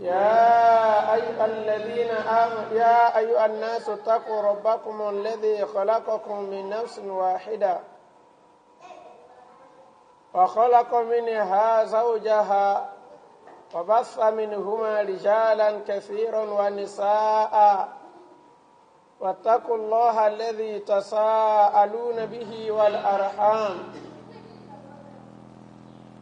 يا أيها الذين آمنوا يا أيها الناس اتقوا ربكم الذي خلقكم من نفس واحدة وخلق منها زوجها وبث منهما رجالا كثيرا ونساء واتقوا الله الذي تساءلون به والأرحام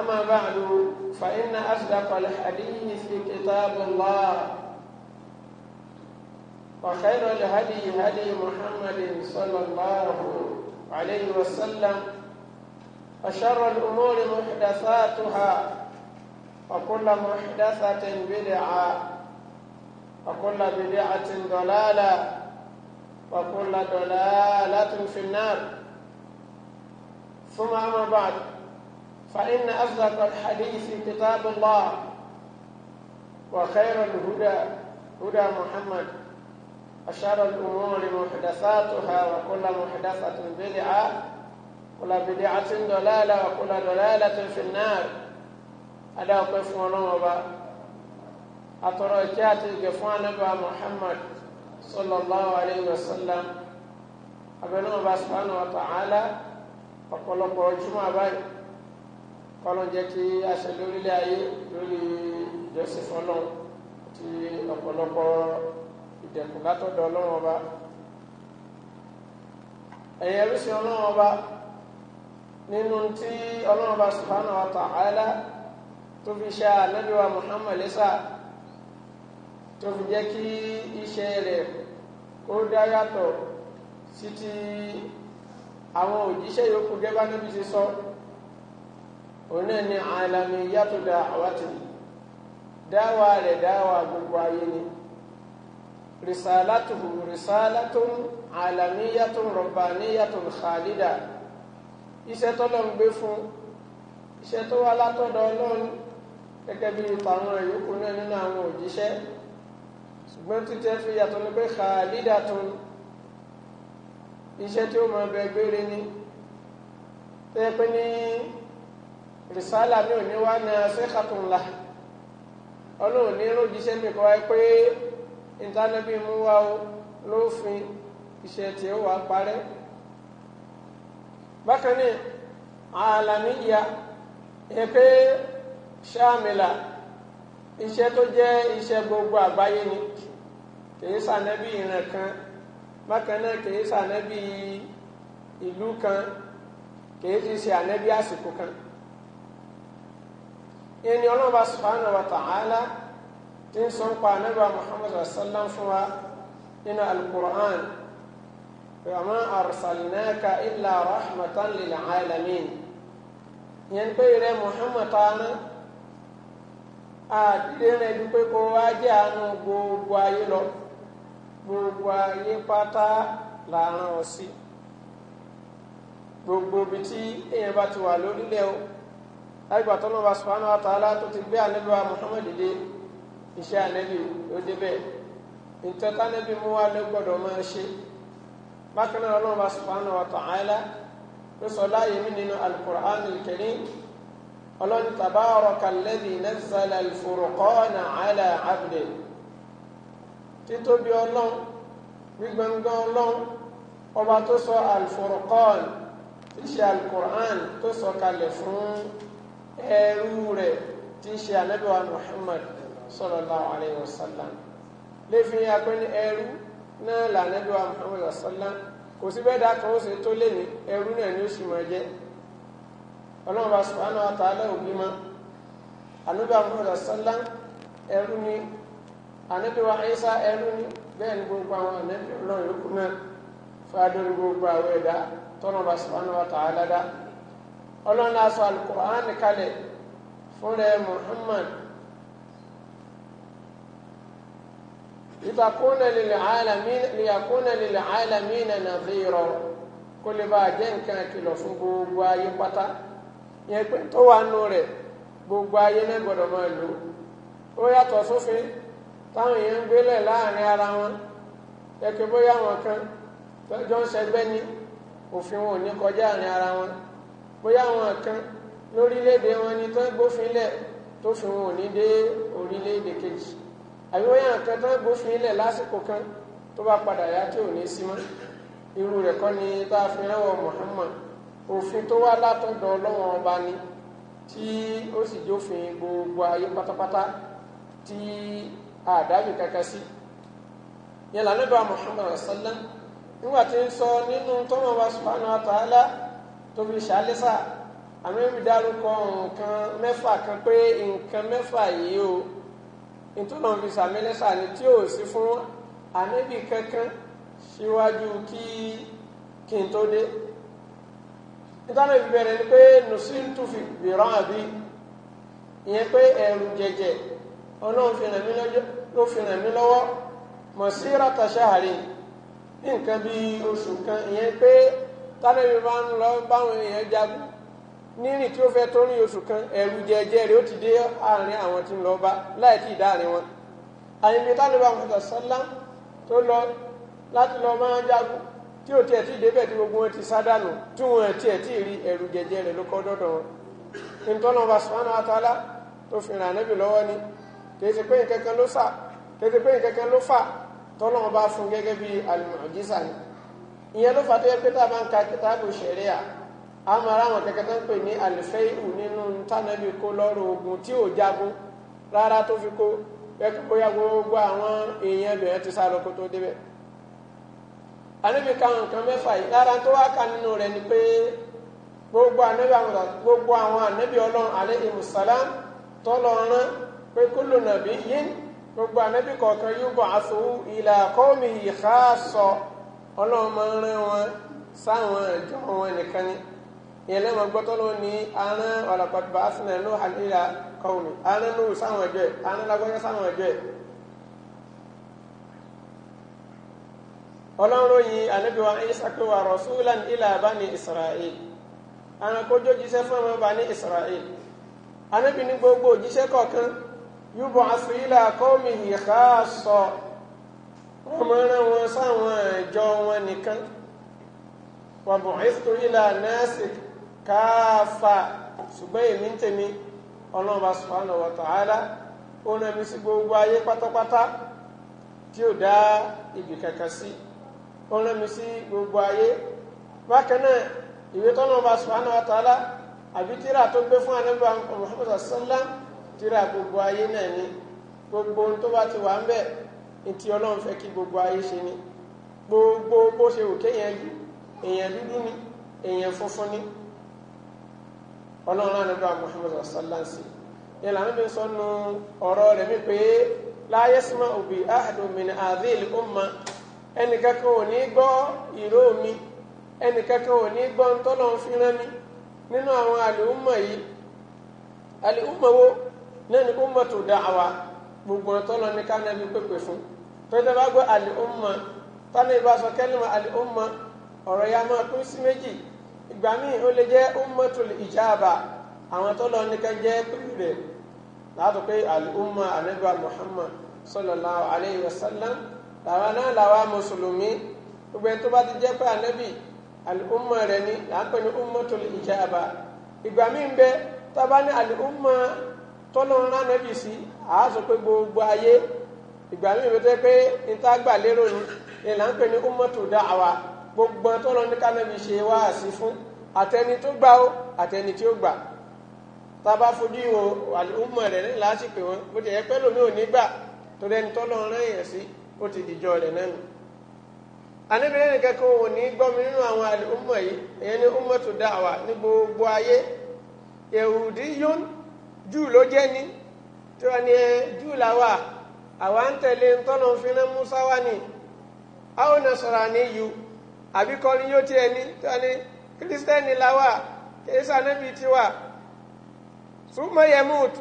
أما بعد فإن أصدق الحديث كتاب الله وخير الهدي هدي محمد صلى الله عليه وسلم وشر الأمور محدثاتها وكل محدثة بدعة وكل بدعة ضلالة وكل ضلالة في النار ثم أما بعد فإن أصدق الحديث كتاب الله وخير الهدى هدى محمد وشر الأمور محدثاتها وكل محدثة بدعة وكل بدعة دلالة وكل دلالة في النار ألا قف ونوبة أتركات الجفوان محمد صلى الله عليه وسلم أبنوبة سبحانه وتعالى وقلوب وجمع بيه kọ́lọ́n jẹ́ kí a ṣe lórílẹ̀ ayé lórí joseph ọlọ́run ti ọ̀pọ̀lọpọ̀ ìdẹ̀kùn látọ̀dọ̀ ọlọ́run ọba ẹ̀yìn ẹrúsìn ọlọ́run ọba nínú tí ọlọ́run ọba subhanahu wa ta'ala tó fi ṣe ànábì wa muhammad isa tó fi jẹ́ kí iṣẹ́ rẹ̀ kó dá yàtọ̀ sí ti àwọn òjíṣẹ́ yòókù gẹ́gẹ́ níbi ti sọ. So òun náà ni àlàmì yàtò dá àwátì dáwà rẹ̀ dáwà gbogbo ayé ni risalatuhu risalatun àlàmì yàtò rọ̀bàní yàtò khalida iṣẹ́ tọ́lọ̀ ń gbé fún iṣẹ́ tó wá látọ̀dọ̀ ọlọ́run gẹ́gẹ́ bí ìtàwọn ìyókù náà nínú àwọn òjíṣẹ́ ṣùgbọ́n títẹ́ fi yàtọ̀ ní pé khalida tún iṣẹ́ tí ó máa bẹ gbére ni tẹ́ pé ní rìsálà mi ò ní wá na sẹ́kàtún ńlá ọlọ́run ní lójíṣẹ́ mi kọ́ ẹ pé ìtànàbí mú wá o lófin iṣẹ́ tí ó wà parẹ́ bákan náà àlàmíyà ẹ pé ṣáàmìlà iṣẹ́ tó jẹ́ iṣẹ́ gbogbo àgbáyé ni kìí sànẹ́bí ìran kan bákan náà kìí sànẹ́bí ìlú kan kìí ti ṣe ànẹ́bí àsìkò kan ìyẹn ni ọlọ́run bá subhanahu wa ta'ala ti ń sọ ń pa anábà muhammad sallam fún wa nínú alukur'an wa ma arsalnaka illa rahmatan lil alamin ìyẹn pé rẹ muhammad ta'ala àdìdé rẹ dúpẹ́ kó wá jẹ́ àánú gbogbo ayé lọ gbogbo ayé pátá làárọ̀ sí gbogbo ibi tí bá ti wà lórílẹ̀ o àgbà tó lọ́wọ́ subhanahu wa ta'ala tó ti gbé ànábì wa muhammadu dé iṣẹ́ ànábì ó débẹ̀ ntọ́ta ànábì mú wa ló gbọ́dọ̀ máa ṣe bákan náà lọ́wọ́ subhanahu wa ta'ala ló sọ láàyè mí nínú al-Qur'an al-Karim ọlọ́ni tabaraka alladhi nazzala al-furqana ala títóbi ọlọ́run gbígbọ́ngàn ọlọ́run ọba tó sọ al-furqan tíṣe al tó sọ kalẹ̀ fún ẹrú rẹ̀ tí ń ṣe ànábìwá Muhammad sallallahu alayhi wa sallam lè fi hàn pé ní ẹrú náà là ànábìwá Muhammad sallam kò sí bẹ́ẹ̀ dákan ó ṣe tó lé ní ẹrú náà ni ó sì máa jẹ́ ọlọ́run bá subhanahu wa ta'ala òbí mọ́ ànábìwá Muhammad sallam ẹrú ni ànábìwá Isa ẹrú ni bẹ́ẹ̀ ni gbogbo àwọn ànábìwá náà yòókù náà fún adóni gbogbo àwọn ẹ̀dá tọ́nà bá subhanahu wa ta'ala dáa ọlọ́run aṣọ alukur'an kalẹ̀ fúnra ẹ muhammad ìbàkúnà lil alamina nadhira kó lè bá a jẹ́ nǹkan kìlọ̀ fún gbogbo ayé pátá yẹn pé tó wà nù rẹ̀ gbogbo ayé náà gbọ́dọ̀ máa lò ó yàtọ̀ sófin táwọn èèyàn gbélẹ̀ láàrin ara wọn ẹ̀kẹ́ bóyá wọn kan tọ́jọ́ ń ṣẹgbẹ́ ní òfin wọn ò ní kọjá àárín ara wọn bóyá àwọn kan lórílẹ̀‐èdè wọn ni tó ń gbófin lẹ̀ tó fi wọn ò ní dé orílẹ̀‐èdè kejì àbí bóyá nǹkan tó ń gbófin lẹ̀ lásìkò kan tó bá padà yá tí ò ní sí mọ́ irú rẹ̀ kọ́ ni tá a fi ránwọ́ Muhammad òfin tó wá látọ̀dọ̀ ọlọ́wọ́n ọba ni tí ó sì jófin gbogbo ayé pátápátá tí àdáyé kankan sí yẹn lànà bá Muhammad sallam nígbà tí ń sọ nínú tọ́mọ̀ wa subhanahu wa tó fi ṣàlẹ́sà àmì dárúkọ nǹkan mẹ́fà kan pé nǹkan mẹ́fà yìí o ìtúnà fi ṣàmẹ́lẹ́sà ni tí ò sí fún ànábì kankan síwájú kí kí n tó dé nítorí ìbẹ̀rẹ̀ ni pé nùsíntù fi bìrán àbí ìyẹn pé ẹ̀rù jẹjẹ ọlọ́run fi ràn mí lọ́wọ́ mọ̀ sí rátà ṣáàrin nǹkan bíi oṣù kan ìyẹn pé tánàbí máa ń lọ báwọn èèyàn jagun nírìn tí ó fẹ́ tó rìn oṣù kan ẹ̀rù jẹjẹ rẹ̀ ó ti dé àárín àwọn tí ń lọ bá láì tí ì dáàrin wọn àyìnbí tánàbí àwọn ọ̀sán sọ́lá tó lọ láti lọ máa jagun tí ò tiẹ̀ tí ì débẹ̀ tí gbogbo wọn ti sádànù tí wọn tiẹ̀ tí ì rí ẹ̀rù jẹjẹ rẹ̀ ló kọ́ dọ́dọ̀ wọn nítorí wọn bá sùnmọ́nà àtàlá tó fi ràn ánábì lọ́wọ́ ni kì pé nǹkan kan ìyẹn ló fà tó yẹ pé tá a bá ń ka kìtàbù ṣẹ̀ríà a máa ra àwọn kẹ̀kẹ́ tó ń pè ní àlùfẹ́ìhù nínú tánàbí kó lọ́rùn ogun tí ò jagun rárá tó fi kó ẹkú bóyá gbogbo àwọn èèyàn ibìyẹn ti sá lọ kó tó débẹ̀. àníbi káwọn nǹkan mẹ́fà yìí lára tó wá kà nínú rẹ̀ ni pé gbogbo àwọn gbogbo ọlọ́run alayhi musalam tọ́lọ rán pé kullu nabiyyin gbogbo ànábì kọ̀ọ̀kan yóò bọ̀ àsòwò ìlà qawmihi khassa ọlọ́run máa ń rán wọn sáwọn ìjọ wọn nìkan ni ìyẹn lẹ́wọ̀n gbọ́tọ́ ló ní arán ọ̀làpàtàbà asinà ló hà nílà kọ́ọ̀nù arán ló sáwọn ìjọ ẹ̀ arán lágbọ́yọ́ sáwọn ìjọ ẹ̀. ọlọ́run yìí ànábì wa Ìsá pé wa rasulan ila bani Isra'il àwọn kójó jíṣẹ́ fún ọmọ bani Isra'il ànábì ní gbogbo òjíṣẹ́ kọ̀ọ̀kan yúbọ̀ àṣù ilà qawmihi khassa wọ́n máa rán wọn sáwọn ìjọ wọn nìkan wà bu'ithtu ila nasi káfà ṣùgbọ́n èmi ń tèmi ọlọ́ọ̀bá subhanahu wa ta'ala ó rán mi sí gbogbo ayé pátápátá tí ó dá ibì kankan sí ó rán mi sí gbogbo ayé bákan náà ìwé tọ́lọ́ọ̀bá subhanahu wa ta'ala àbí tíra tó gbé fún anábà sallam tíra gbogbo ayé náà ni gbogbo ohun tó bá ti wà ntí ọlọ́run fẹ́ kí gbogbo ayé ṣe ni gbogbo bó ṣe wù kéèyàn yìí èèyàn dúdú ni èèyàn funfun ni ọlọ́run àdúrà muhammadu sallansi ìlànà bí sọnù ọ̀rọ̀ rẹ̀ mi pé láyé símá òbí ahadun min adil umma ẹnìkankan ò ní gbọ́ ìró mi ẹnìkankan ò ní gbọ́ ntọ́lọ́run fi rán mi nínú àwọn àlùmọ̀ yìí àlùmọ̀ wo náà ni ummatu da'wa gbogbo ntọ́lọ́run ní ká nàbí pépè fún un tọ́jú bá gbọ́ al-umma tánà ìbá sọ kẹ́lìmọ̀ al-umma ọ̀rọ̀ ya máa pín sí méjì ìgbà míì ó lè jẹ́ ummatul ijaba àwọn tó lọ nìkan jẹ́ pẹ̀lú rẹ̀ láti pé al-umma anabi muhammad sallallahu alayhi wa sallam làwa náà làwa mùsùlùmí gbogbo ẹni tó bá ti jẹ́ pé anabi al-umma rẹ̀ ni là ń pè ní ummatul ijaba ìgbà míì bẹ tábà ní al-umma tọ́lọ́ ńlá sí àá pé gbogbo ayé ìgbà míì ló tẹ́ pé níta gbà lérò ni ìlànà ń pè ní ummatu da'wa gbogbo tó lọ ní kánábì ṣe wá àsí fún àtẹni tó gbà ó àtẹni tí ó gbà tá a bá fojú ìwò àlùmọ̀ rẹ̀ ní lásìkò wọn bó ti yẹ pé lómi ò ní gbà tó dẹni tó lọ rán yẹn sí ó ti dìjọ rẹ̀ náà anábìrin nìkan kan ò ní gbọ́ mi nínú àwọn àlùmọ̀ yìí ìyẹn ní ummatu da'wa ní gbogbo ayé Yehudi yón jù ló jẹ́ ní tí wọ́n ní jù àwa ń tẹ̀lé ntọ́nà fínà musa wà ní àwọn náà sọ̀rọ̀ àníyù àbí kọrin yóò tiẹ̀ ní tani kírísítẹ́nì làwà kìí sànẹ́bí tiwa súnmọ́ yẹmúùtù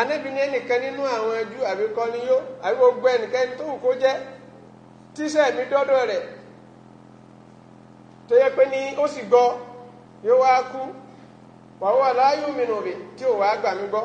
anẹ́bí ní ẹnìkan nínú àwọn ẹjú àbí kọrin yó àbí gbogbo ẹnìkan tó wù kó jẹ́ tíṣẹ́ mi dọ́dọ̀ rẹ̀ tó yẹ pé ní ó sì gbọ́ yóò wá kú wàhùwà láyé òmìnira tí ò wá gbà mí gbọ́.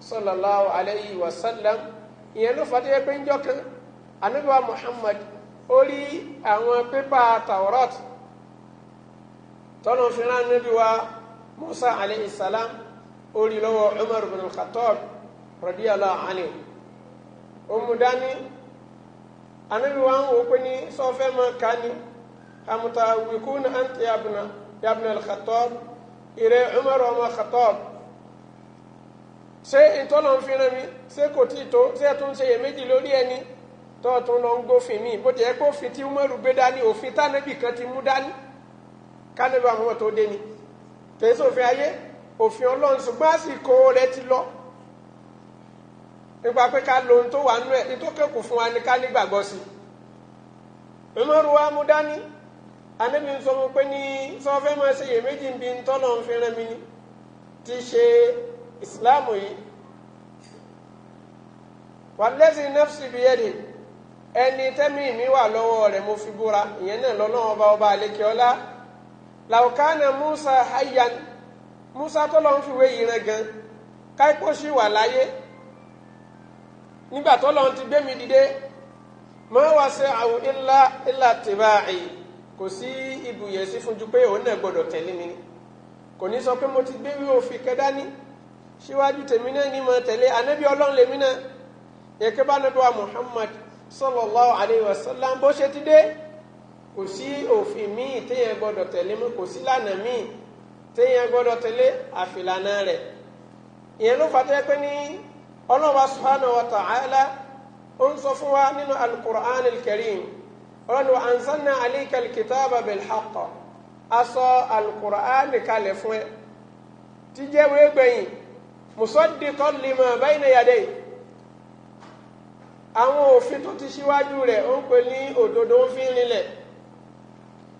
sallallahu alayhi wa sallam ìyẹn ló fàdé pé ń jọkan anabi wa muhammad ó rí àwọn pépà taurat tọ́nà fúnra anabi wa musa alayhi salam ó rí lọ́wọ́ umar bin al-khattab radiyallahu anhu omudani anabi wa ń wò pé ní sọfẹ́ máa ka ni amutawikuna anta yabna yabna al-khattab ire umar wa ma khattab ṣé ìtọ́lọ̀ ń fi rán mi ṣé kò tí tó ṣé ẹ tún ṣe iyèméjì lórí ẹni tó tún lọ ń gbófin mi bó ti yẹ kófin tí Umaru gbé dání òfin tánẹ́bì kan ti mú dání kánẹ́bà mọ́ tó dé ni kìí sófin ayé òfin Ọlọ́run ṣùgbọ́n àsìkò rẹ ti lọ nípa pé ká lo ohun tó wà nú ẹ̀ nítòkẹ́kù fún wa ní ká nígbàgbọ́ sí i Umaru wa mú dání anabi ń sọ fún pé ní sọfẹ́ máa ṣe iyèméjì ń ń tọ́lọ̀ ń fi rán mi ti ṣe ìsìláàmù yìí wàlẹ́sì nẹ́fṣì bí ẹ̀dì ẹni tẹ́mi mi wà lọ́wọ́ rẹ̀ mo fi búra ìyẹn náà lọ́lọ́wọ́ ọba ọba àlekè ọlá làwùkánà musa hayan, musa tọ́lọ́hún fi wé ìran gan káíkó sì wà láyé nígbà tọ́lọ́hún ti gbé mi dìde mọ́ wá sí àwọn ilá ilá tìbá yìí kò sí ibùyẹ̀sí fún ju pé òun náà gbọ́dọ̀ tẹ̀lé mi kò ní sọ pé mo ti gbé wí òfin kẹ́dání síwájú tèmi náà ní máa tẹ̀lé anábì ọlọ́run lèmi náà yẹ̀kẹ́ bá nàbí wa Muhammad sallallahu alayhi wa sallam bó ṣe ti dé kò sí òfin míì téèyàn gbọ́dọ̀ tẹ̀lé mọ́ kò sí lànà míì téèyàn gbọ́dọ̀ tẹ̀lé àfìlànà rẹ̀ ìyẹn ló fà tẹ́ pé ní ọlọ́wà subhanahu wa ta'ala ó ń sọ fún wa nínú al-Qur'an al wa anzalna alayka al-kitaba bil a sọ al kalẹ̀ fún ẹ tí jẹ́ wéé musaddiqan lima bayna yaday àwọn òfin tó ti ṣíwájú rẹ̀ ó ń pè ní òdodo ń fi rinlẹ̀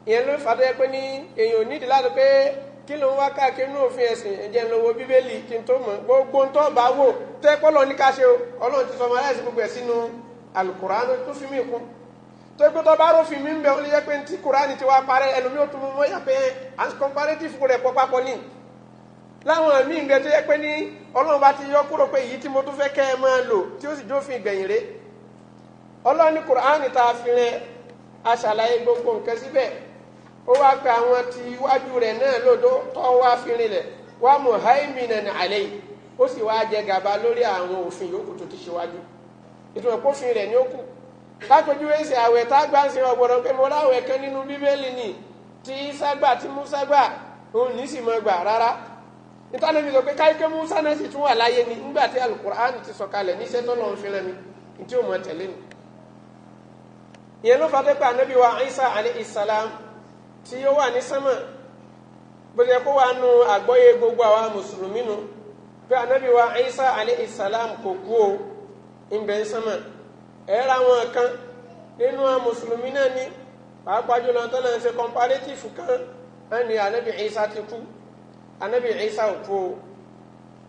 ìyẹn ló fà tó yẹ pé ní èèyàn nídìí láti pé kí ló ń wá káàkiri ní òfin ẹ̀sìn ẹ̀jẹ̀ ń lọ́wọ́ bíbélì kí n tó mọ̀ gbogbo ń tọ́ bá wò tẹ́ pọ́lọ́ ní ká ṣe o ọlọ́run ti sọmọ aláìsí gbogbo ẹ̀ sínú alukuraani tó fi mí kún tó gbé tó bá rófin mi ń bẹ ó lè yẹ pé ní ti kuraani ti wá parẹ́ ẹlòmíì ó tún mọ́ yà pé à ń comparative rẹ̀ pọ́ papọ̀ láwọn míì gbẹ tó yẹ pé ní ọlọ́run bá ti yọ kúrò pé èyí tí mo tún fẹ́ kẹ́ ẹ máa lò tí ó sì jófin gbẹ̀yìn rẹ̀ ọlọ́run ní kùránì a fi rẹ aṣàlàyé gbogbo nǹkan síbẹ̀ ó wá pe àwọn ti iwájú náà lòdó tó wá fi wá ó sì wá jẹ gàba lórí àwọn òfin yòókù tó ti ìtumọ̀ ó kù lápẹjú èsì àwẹ̀ tá a ń ìtànà mi sọ pé káyíké musa náà sì tún wà láyé ni nígbà tí alukur'an ti sọ kalẹ̀ níṣẹ́ tó lọ́n fi rẹ̀ mi tí ó mọ tẹ̀lé mi. ìyẹn ló fà dé pé anabi wa isa alayhi salam tí ó wà ní sánmà bóyá kó wà nù àgbọ́yé gbogbo àwa mùsùlùmí nu pé anabi wa isa alayhi salam kò kú o ìbẹ̀ sánmà ẹ̀ ra kan nínú mùsùlùmí náà ní pàápàá jùlọ tó náà ṣe comparative kan ẹni anabi isa ti kú anabi isa òkú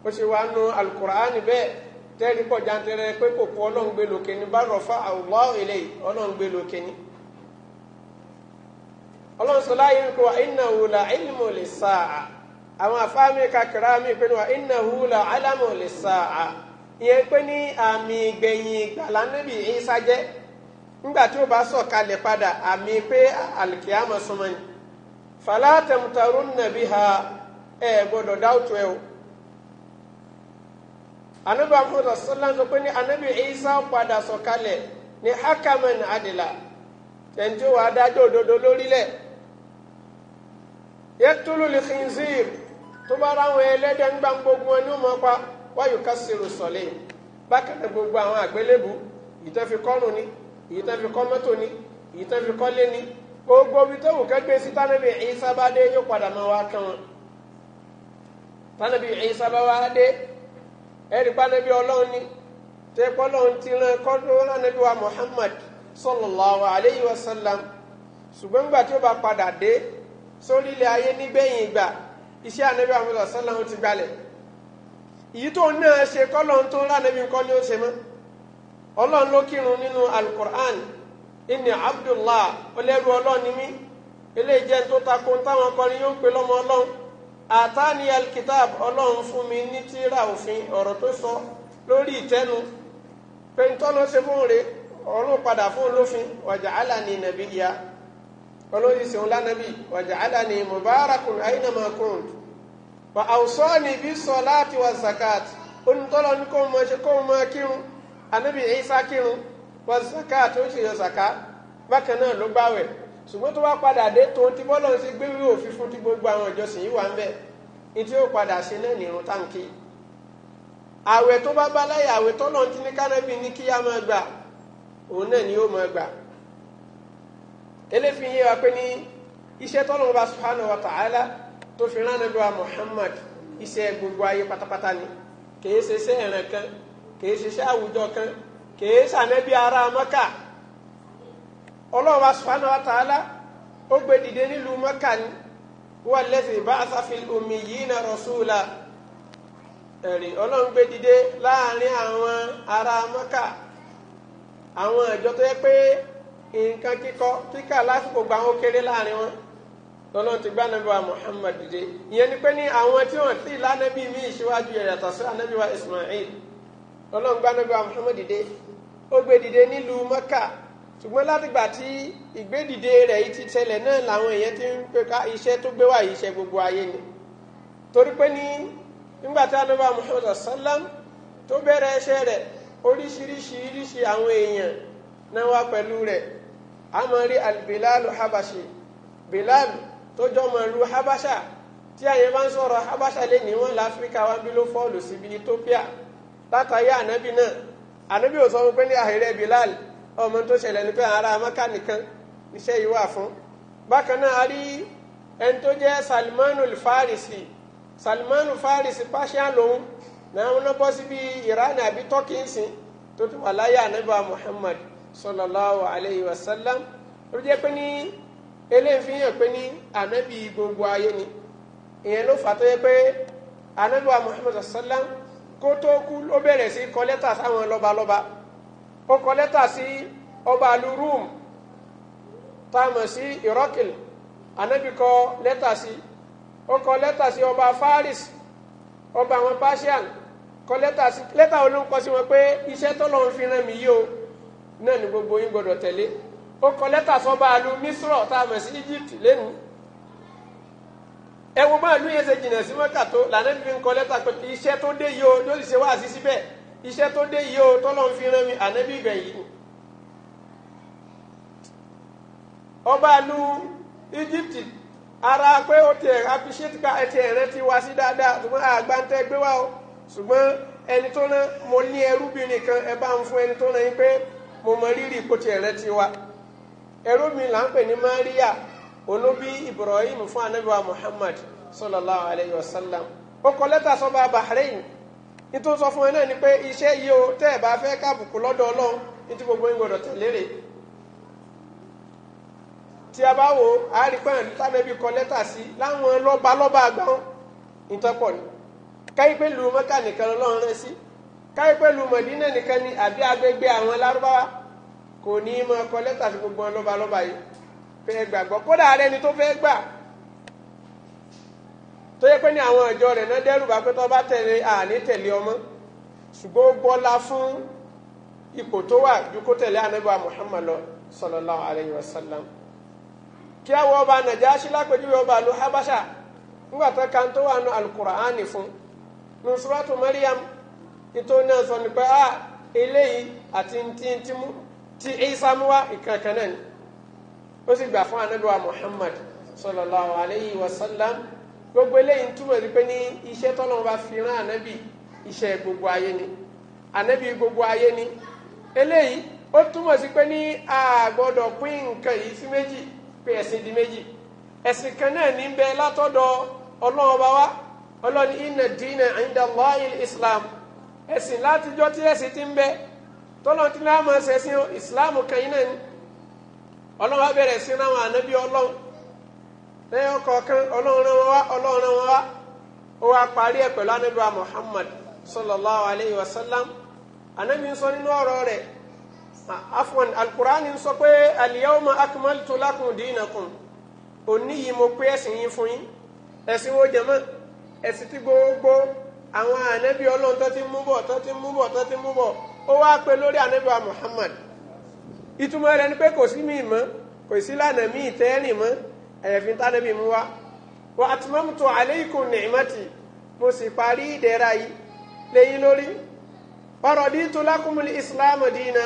o ó ṣe wá nu alukur'ani bẹ́ẹ̀ tẹ́lẹ̀ pọ̀ jantere pé kò kú ọlọ́run gbé lókè ní bá rọ̀fà Allahu ilayhi ọlọ́run gbé lókè ní. ọlọ́run sọ láàyè ń kó wa innahu la ilmu lissa'a àwọn afáàmì kakra mi pé wa innahu la alamu lissa'a ìyẹn pé ní àmì ìgbẹ̀yìn ìgbàlá níbi isa jẹ́ ńgbà tí ó bá sọ̀ kalẹ̀ padà àmì pé alkiyama súnmọ́ fala tamtarunna biha. e gbọ́dọ̀ dáwùtò ẹ o anabi akọrọ sọlán sọ pé ní anabi isa padà sọ̀kalẹ̀ ní hakaman adìlà tẹ̀ǹtì wà á dájọ́ òdodo lórílẹ̀ yẹtulu li khinzir tó bá ráwọn ẹlẹ́dẹ̀ ń gbà gbogbo ẹni mọ́ pa wáyò ká sèrò sọ̀lẹ̀ bákan náà gbogbo àwọn àgbélébù ni ìtẹ́fi kọ́ mọ́tò ni kọ́lé ni gbogbo tó wù kẹ́gbẹ́ sí isa bá dé yóò padà máa wá tánàbí Ìsá bá wá dé ẹ̀rí pánàbí ọlọ́run ni tẹ́pọ́ lọ́run ti rán kọ́dún ránàbí wa Muhammad sallallahu alayhi wa sallam ṣùgbọ́n nígbà tí ó bá padà dé sórílẹ̀ ayé nígbẹ̀yìn ìgbà iṣẹ́ ànábì àmúlò sọ́lọ́run ti gbalẹ̀ èyí tó náà ṣe kọ́lọ́run tó ránàbí nǹkan ni ó ṣe mọ́ ọlọ́run ló kírun nínú alukur'an inni abdullah ọlẹ́rú ọlọ́run ni mí eléyìí jẹ́ tó takò táwọn akọrin yóò ń lọ́mọ ọlọ́run àtàní alkitab ọlọ́run fún mi ní tíra òfin ọ̀rọ̀ tó sọ lórí ìtẹ́nu pé ntọ́nà ṣe fún rè ọlọ́run padà fún lófin wàjà alani nàbíyà ọlọ́run ṣe ńlá nàbí wàjà alani mubarakun ainama kunt wà awsani bí sọláàtì wà zakat onítọ́lọ́ ní kó mọ ṣe kó mọ kírun anabi isa kírun wà zakat ó sì yọ zakat bákan náà ló gbáwẹ̀ ṣùgbọ́n tó bá padà dé tó ti bọ́lọ̀ sí gbé wíwò fífún tí gbogbo àwọn ìjọsìn yìí wà ń bẹ̀ ní tí ó padà ṣe náà nírun táǹkì àwẹ̀ tó bá bá láyé àwẹ̀ tọ́lọ̀ ti ní kánẹ́bì ní kíyá máa gbà òun náà ni ó máa gbà eléfi yé wa pé ní iṣẹ́ tọ́lọ̀ bá subhanahu wa ta'ala tó fi rán nàbí Muhammad iṣẹ́ gbogbo ayé pátápátá ni kèé ṣe iṣẹ́ ẹ̀ràn kan kèé ṣe iṣẹ́ àwùjọ kan kèé ṣànẹ́bí ọlọ́run wa sùfàánù àtàlà ó gbé dìde nílùú mọ́kà ni wà lẹ́sìn bá asàfihàn omi yìí náà rọ̀ṣúlà ẹ̀rìn ọlọ́run gbé dìde láàrin àwọn ará mọ́kà àwọn ìjọ tó yẹ pé nǹkan kíkọ kíkà lásìkò gba àwọn kéré láàrin wọn lọ́lọ́run ti gbá nàbí wa Muhammad dìde ìyẹn ni pé ní àwọn tí wọ́n ti lánàbí mi ìṣíwájú rẹ̀ yàtọ̀ sí wa Ismail lọ́lọ́run gbá nàbí wa Muhammad dìde ó gbé dìde nílùú mọ́kà ṣùgbọ́n látìgbà tí ìgbédìde rẹ̀ yìí ti ṣẹlẹ̀ náà làwọn èèyàn ti ń pe ká iṣẹ́ tó gbé wá yìí iṣẹ́ gbogbo ayé ni torí pé ní nígbà tí anábà Muhammad sallam tó bẹ̀rẹ̀ iṣẹ́ rẹ̀ oríṣiríṣi iríṣi àwọn èèyàn náà wá pẹ̀lú rẹ̀ a máa rí albilal habashi bilal tó jọ mọ̀ lu habasha tí àyẹn bá ń sọ̀rọ̀ habasha lé ní wọn láfíríkà wá bí ló fọ́ọ̀lù síbi Ethiopia látàyé ànábì náà ànábì ò sọ fún pé ní àhẹrẹ bilal ọmọ tó ṣẹlẹ̀ ni pé ara maka nìkan iṣẹ́ yìí wà fún bákan náà rí ẹni tó jẹ́ Salmanu Farisi Salmanu Farisi Persian lòun náà wọn bọ́ síbi Iran àbí Turkey nsìn tó ti wà láyé ànábà Muhammad sallallahu alayhi wa sallam ó jẹ́ pé ní eléyìí fi hàn pé ní ànábì gbogbo ayé ni ìyẹn ló fà tó yẹ pé ànábà Muhammad sallam kó tó kú ó bẹ̀rẹ̀ sí kọ lẹ́tà sáwọn lọ́balọ́ba ó kọ lẹ́tà sí ọba àlú rúùmù tá a mọ̀ sí ìrọ́kìlì anabi kọ lẹ́tà sí ó kọ lẹ́tà sí ọba faris ọba àwọn persian kọ lẹ́tà sí lẹ́tà olóńkọ sí wọn pé iṣẹ́ tó lọ́n fi rán mi yìí o náà ni gbogbo yín gbọdọ̀ tẹ̀lé ó kọ lẹ́tà sọba àlú misrọ̀ tá a sí egypt lẹ́nu ẹ̀wọ̀n máa lú yẹn ṣe jìnnà sí mọ́tà tó lànà bí n kọ lẹ́tà pé iṣẹ́ tó dé yìí o ló ṣe wá sí síbẹ̀. iṣẹ́ tó dé yìí o tọ́lọ́run fi rán mi ànábì gbẹ̀yìn ni ọba lu Egypt ara pé ó ti ẹ̀ appreciate ti ẹ̀rẹ́ ti wá sí dáadáa ṣùgbọ́n àgbàntẹ́ gbé o ṣùgbọ́n ẹni tó rán mo ní ẹrúbìnrin nìkan ẹ bá ń fún ẹni tó rán yín pé mo mọ rírì Maria olóbi Ibrahim fún Muhammad sallallahu alayhi wa sallam ó kọ lẹ́tà sọ́ba nítorí sọ fún ẹ náà ni pé iṣẹ́ yìí o tẹ́ ẹ̀ bá fẹ́ kábùkù lọ́dọ̀ ọlọ́run nítorí gbogbo yín gbọdọ̀ tẹ̀lé rè tí a bá wò ó a rí pé ẹ̀ńtà nẹ́bí kọ lẹ́tà sí láwọn lọ́ba lọ́ba àgbọn ìtọ́pọ̀ ni káyí pé lu mẹ́kà nìkan lọ́run rẹ sí káyí pé lu mọ̀dínà nìkan ni àbí agbègbè àwọn lárúbáwá kò ní í mọ kọ lẹ́tà sí gbogbo lọ́ba lọ́ba yìí fẹ́ gbàgbọ́ kódà rẹ ni tó fẹ́ gbà tó yẹ pé ní àwọn ìjọ rẹ̀ náà dẹ́rù bá pé tó bá tẹ̀lé àní tẹ̀lé ọmọ ṣùgbọ́n ó gbọ́lá fún ipò tó wà ju kó tẹ̀lé anábíwá Muhammad lọ sallallahu alayhi wa sallam kí àwọn ọba Najashi lápẹjúwe ọba lu Habasha ńgbà tó kan tó wà nù alukur'ani fún nusratu Maryam nítorí náà sọ nípa a ah, eléyìí àti ntìntìmú tí Isa mú wá ìkankan náà ni ó sì gbà fún anábíwá Muhammad sallallahu alayhi wa sallam gbogbo eléyìí túmọ̀ sí pé ní iṣẹ́ tọ́lọ́run bá fi rán ànábì iṣẹ́ gbogbo ayé ni ànábì gbogbo ayé ni eléyìí ó túmọ̀ sí pé ní a gbọ́dọ̀ pín nǹkan yìí sí méjì pé ẹ̀sìn di méjì ẹ̀sìn kan náà ní bẹ látọ̀dọ̀ ọlọ́run ọba wa ọlọ́ni inna dina inda Allahil Islam ẹ̀sìn látijọ́ tí ẹ̀sìn ti ń bẹ tọ́lọ́run ti náà máa ṣẹ̀sìn Islam kan yìí náà ni bẹ̀rẹ̀ sí náà ànábì lẹ́yìn ọkọ̀ọ̀kan ọlọ́run wọn wá ọlọ́run wọn wá ó wá parí ẹ̀ pẹ̀lú anábìá Muhammad sallallahu alayhi wa sallam anábì ń sọ nínú ọ̀rọ̀ rẹ̀ afwan alukur'an ń sọ pé aliyahuma akmaltu lakum dinakum òní yìí mo pé ẹ̀sìn yín fún yín ẹ̀sìn wo jẹ̀mọ́ ẹ̀sìn tí gbogbo àwọn anábì ọlọ́run tó ti mú bọ̀ tó ti mú bọ̀ tó ti mú bọ̀ ó wá pé lórí anábìá Muhammad ìtumọ̀ rẹ̀ ni pé kò sí míì mọ́ kò sí lánàá míì tẹ́rìn mọ́ ẹ̀fin tánàbí mú wá wa atmamtu alaykum ni'mati mo sì parí ìdẹ̀ra yìí lẹ́yìn lórí wa raditu lakumul islam dina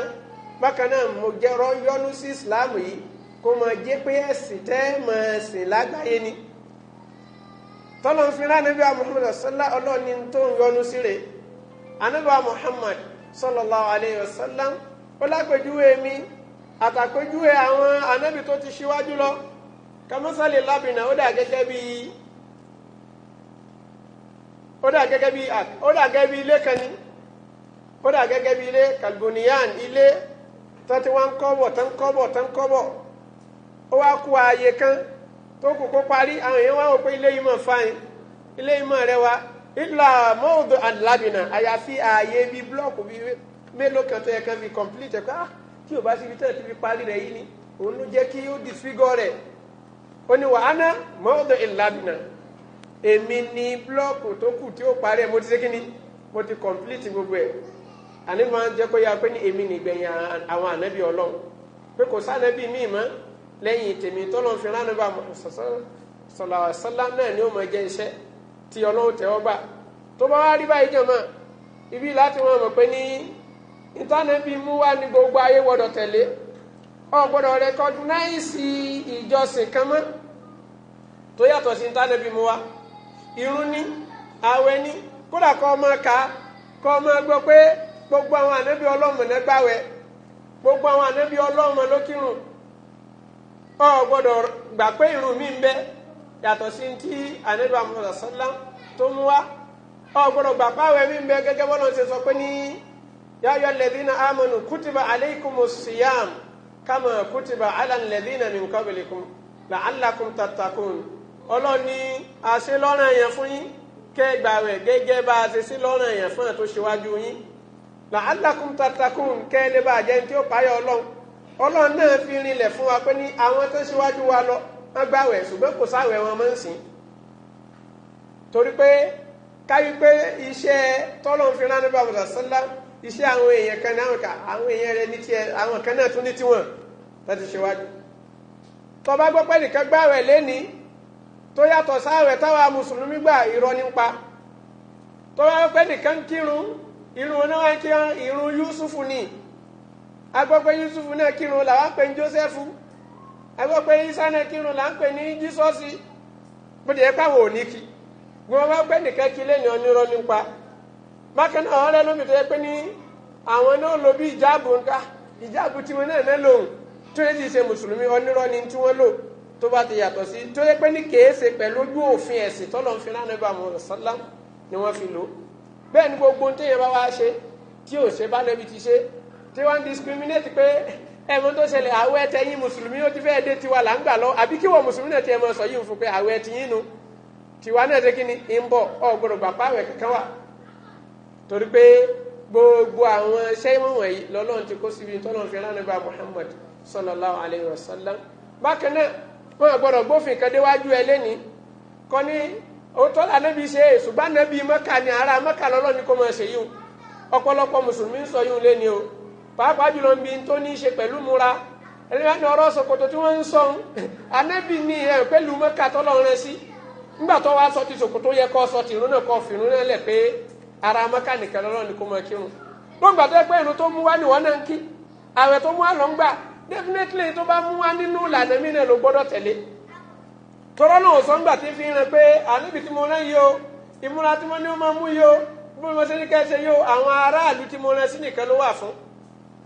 bákan náà mo jẹ́rọ yọ́nú sí islam yìí kó máa jẹ́ pé ẹ̀sìn tẹ́ máa sìn lágbàáyé ni tọ́lọ́ fi rán níbi Muhammad sọ́lá ọlọ́ọ̀ni tó ń yọ́nú sí rẹ̀ anábà Muhammad sallallahu alayhi wa ó lápèjúwe mi àtàpèjúwe àwọn anábì tó ti ṣíwájú lọ. kama sali labina o da gẹgẹ bi o da gẹgẹ bi ak o da gẹgẹ bi ile kani o bi ile kalboniyan ile tati wa nkɔbɔ tan o wa ku aaye kan to koko pari awon yen wa wo pe ile yi ma ile yi ma rɛ wa ila mɔdu and labina ayafi aaye bi blɔku bi melo kan to yɛ kan bi complete ɛ ko ba si bi tɛ ti pari rɛ yi ni o nu jɛ ki o ó ní wàhánà mọ́ọ̀dọ̀ ìlànà èmi ni búlọ́ọ̀kù tó kù tí ó parí mo ti ṣe kí ni mo ti gbogbo ẹ àní máa ń pé ya pé ní èmi nìgbẹ̀yìn àwọn ànábì ọlọ́run pé kò míì mọ́ lẹ́yìn tèmi tọ́lọ́n fi ránú bá náà ni ó jẹ́ iṣẹ́ tí ọlọ́run tẹ́wọ́ gbà tó bá wá rí báyìí ibi láti wọn mọ̀ pé ní mú wá ní gbogbo ọgbọ́dọ̀ rẹkọdúnáìsì ìjọsìn kan mọ́ tó yàtọ̀ sí ntánẹ́bí mu wa irun ní àwẹ̀ ní kódà kọ́ ọmọ ká kọ́ ọmọ gbọ́ pé gbogbo àwọn ànábì ọlọmọ náà gbàwẹ̀ gbogbo àwọn ànábì ọlọmọ ló kírun ọ gbọ́dọ̀ gbà pé irun mi ń bẹ yàtọ̀ sí ti ànábì àmọ́lá sọ́lá tó mú wa ọ gbọ́dọ̀ gbà pé mi ń bẹ gẹ́gẹ́ bọ́lá ṣe sọ pé ní yáyọ lẹ́dínà amanu kutiba aleikum siyam. kama kutiba ala alladhina min qablikum la'allakum tattaqun ọlọ́ni àṣẹ lọ́rùn yẹn fún yín kẹ́ gbààwẹ̀ gẹ́gẹ́ bá a ṣe sí lọ́rùn yẹn fún ẹ̀ tó ṣíwájú yín la'allakum tattaqun kẹ́ ẹ lè bá a jẹ́ tí ó páyọ̀ ọlọ́run ọlọ́run náà fi rinlẹ̀ fún wa pé ní àwọn tó ṣíwájú wa lọ wọ́n gbààwẹ̀ ṣùgbọ́n kò sáwẹ̀ wọn mọ́ ń sìn torí pé káyí pé iṣẹ́ tọ́lọ́ fi rán nípa mọ̀tàsánlá iṣẹ́ àwọn èèyàn kan náà kà àwọn èèyàn rẹ ní tiẹ̀ àwọn kan náà tún ní tiwọn tó ti ṣèwádìí tó bá gbọ́ pé nìkan tó yàtọ̀ sáwẹ̀ táwa mùsùlùmí gbà irọ́ nípa tó bá gbọ́ pé nìkan kírun irun Yusufu ni Yusufu náà kírun làwọn Joseph pé là ń pè ní Jísọ́sì káwọn bákan náà ọ̀rẹ́ lómi tó yẹ pé ní àwọn náà lo bí ìjáàbù nǹka ìjáàbù tí wọn náà náà lò tó yẹ ti ṣe mùsùlùmí onírọ́ ni tí wọ́n lò tó bá ti yàtọ̀ sí tó yẹ pé ní kèése pẹ̀lú ojú òfin ẹ̀sìn tọ́lọ́ ń fi ránà bá àwọn sálám ni wọ́n fi lò bẹ́ẹ̀ ni gbogbo ohun téèyàn bá wá ṣe tí ò ṣe bá lẹ́bi ti ṣe tí wọ́n ń discriminate pé ẹ̀mọ́ tó ṣẹlẹ̀ àwọ̀ ẹ̀tẹ̀yìn mùsùlùmí ó ti fẹ́ẹ́ dé tiwa là ń gbà lọ àbí kíwọ̀ mùsùlùmí náà ti ẹ̀ mọ́ sọ yìí fún pé àwọ̀ ẹ̀tẹ̀yìn nu tiwa náà ṣe kí ni ń bọ̀ ọ̀ gbọ́dọ̀ gbà pàwẹ̀ kankan wà torí pé gbogbo àwọn iṣẹ́ ìmọ̀wọ̀n yìí lọ́lọ́run ti kó síbi tọ́lọ́run fi rán nípa Muhammad sallallahu alayhi wa sallam bákan náà wọn gbọ́dọ̀ gbófin kan déwájú ẹ lẹ́ni kọ́ ní òótọ́ lànàbí ṣe ṣùgbọ́n ànàbí mọ́kà ni ará mọ́kà lọ́lọ́run ni kò máa ṣe yìí ọ̀pọ̀lọpọ̀ mùsùlùmí ń sọ yìí o pàápàá jùlọ ń bi tó ní í ṣe pẹ̀lú múra ẹlẹ́yìn ọ̀rọ̀ tí wọ́n ń ni ara mọ́ká nìkan lọ́lọ́run ni kó máa kírun lóògbà tó yẹ pé irun tó mú wá níwọ̀n náà ń kí àwẹ̀ tó mú wá lọ́ gbà definitely tó bá mú wá nínú ìlànà mí náà ló gbọ́dọ̀ tẹ̀lé tọ́rọ́ náà sọ́ngbà tí fi hàn pé àníbi tí mo rán yìí o ìmúra tí mo ní ó máa mú yìí o bí mo ṣe ní kẹ́ ṣe yìí o àwọn aráàlú tí mo rán sí nìkan ló wà fún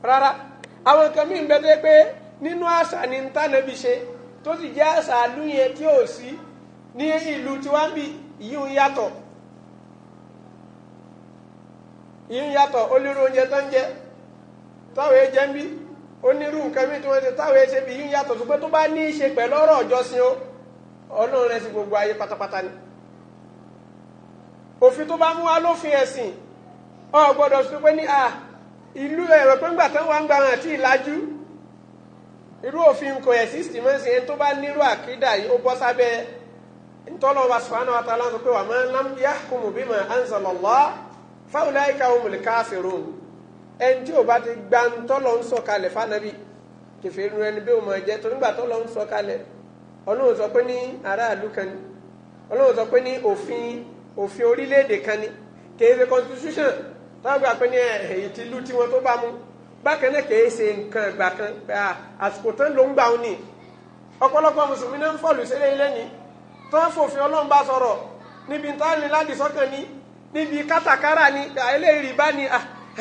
rárá àwọn nǹkan míì ń bẹ tó yẹ pé nínú àṣà ni ń tànàbí ṣe tó sì jẹ́ àṣà àlú tí ò sí ní ìlú tiwa ń bì yíyún yàtọ̀ yín yàtọ̀ ó lérò oúnjẹ tó ń jẹ táwọn èèyàn jẹ ń bí ó nírú nǹkan mi tí wọ́n ti táwọn èèyàn ṣe bí yín yàtọ̀ ṣùgbọ́n tó bá ní í ṣe pẹ̀lú ọ̀rọ̀ ọ̀jọ́sìn o ọlọ́run rẹ̀ sí gbogbo ayé pátápátá ni òfin tó bá mú wa lófin ẹ̀sìn ọ gbọ́dọ̀ sọ pé ní à ìlú ẹ̀rọ pé ńgbà tán wà ń gbà hàn àti ìlàjú irú òfin kò exist mọ́ sí ẹni tó bá nírú àkídà yìí ó bọ́ sábẹ́ ntọ́lọ́wà subhanahu wa ta'ala sọ pé wa man lam yahkum bima anzalallah fáwọláìka òmùlẹ̀ káfíròn ẹni tí ò bá ti gba ntọ́lọ̀ ń sọ kalẹ̀ fànàbí kẹfẹ́ irun ẹni bí ó máa jẹ́ tó nígbà tọ́lọ̀ ń sọ kalẹ̀ ọlọ́run sọ pé ní aráàlú kan ni ọlọ́run sọ pé ní òfin òfin orílẹ̀-èdè kan ni kèé ṣe constitution táwọn gbà pé ní eh, èyí ti lú tiwọn tó bá mú bákan náà kèé ṣe nǹkan ìgbà kan àsìkò tán ló ń gbà ń ni tó ń fòfin ní ládìsọ́kàn níbi kátàkárà ni eléyìí rìbá ni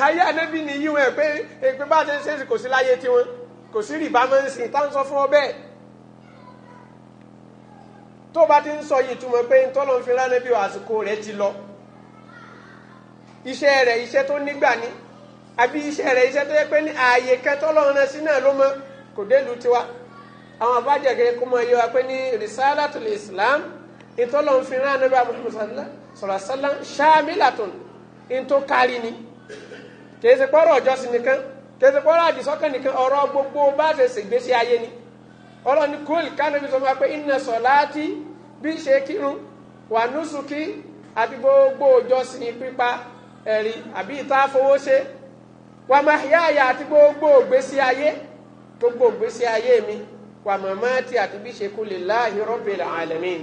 ayé ànábì nìyí wọn pé pé bá a ṣe ń ṣe kò sí láyé tiwọn kò sí rìbá máa ń sìn táwọn sọ fún ọ bẹ́ẹ̀ tó bá ti ń sọ yìí túmọ̀ pé ń tọ́lọ́ fi rán níbi àsìkò rẹ̀ ti lọ iṣẹ́ rẹ̀ iṣẹ́ tó nígbà ni àbí iṣẹ́ rẹ̀ iṣẹ́ tó yẹ pé ní ààyè kan tọ́lọ́ rán sí náà ló mọ kò délu tiwa àwọn àbájẹ kẹ́kẹ́ kó mọ iye wa pé ní risalatul islam ìtọ́lọ́ fi rán níbi àmọ́ ìmọ̀sálá sọ̀rọ̀ sálá ṣáàmìlàtún ní tó kárí ni kìí ṣe pọ́rọ̀ ọjọ́sìn nìkan kìí ṣe pọ́rọ̀ àdìsọ́kàn nìkan ọ̀rọ̀ gbogbo bá ṣe ṣègbésí ayé ni ọlọ́run ní kúl kánàbí sọ fún wa pé inna salati bí ṣe kírun wà nusuki àti gbogbo ọjọ́sìn pípa ẹ̀rí àbí ìta fowó ṣe wà mahyaya àti gbogbo ògbésí ayé gbogbo ògbésí ayé mi wà mamati àti bí ṣe kú lillahi rabbil alamin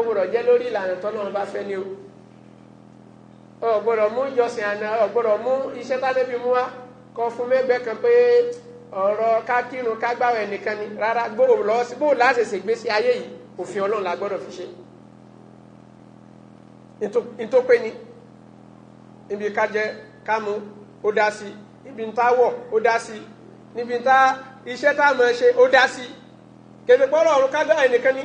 ó gbọ́dọ̀ jẹ́ lórí ìlànà tọ́lọ́run bá fẹ́ ni o ọ gbọ́dọ̀ mú ìjọsìn àná ọ gbọ́dọ̀ mú iṣẹ́ tálẹ́bí mú wa kọ fún mẹ́gbẹ́ kan pé ọ̀rọ̀ ká kírun ká gbàwẹ̀ nìkan ni rárá gbòòrò lọ́wọ́ sí bóòlù àṣẹṣe gbèsè ayé yìí òfin ọlọ́run la gbọ́dọ̀ fi ṣe ntọ́pẹ́ ni ibi ká jẹ ká mu ó dá sí ibi ń tá wọ̀ ó dá sí níbi ń tá iṣẹ́ tá a máa ṣe ó dá sí kébé gbọ́dọ̀ ká gbàwẹ̀ nìkan ni.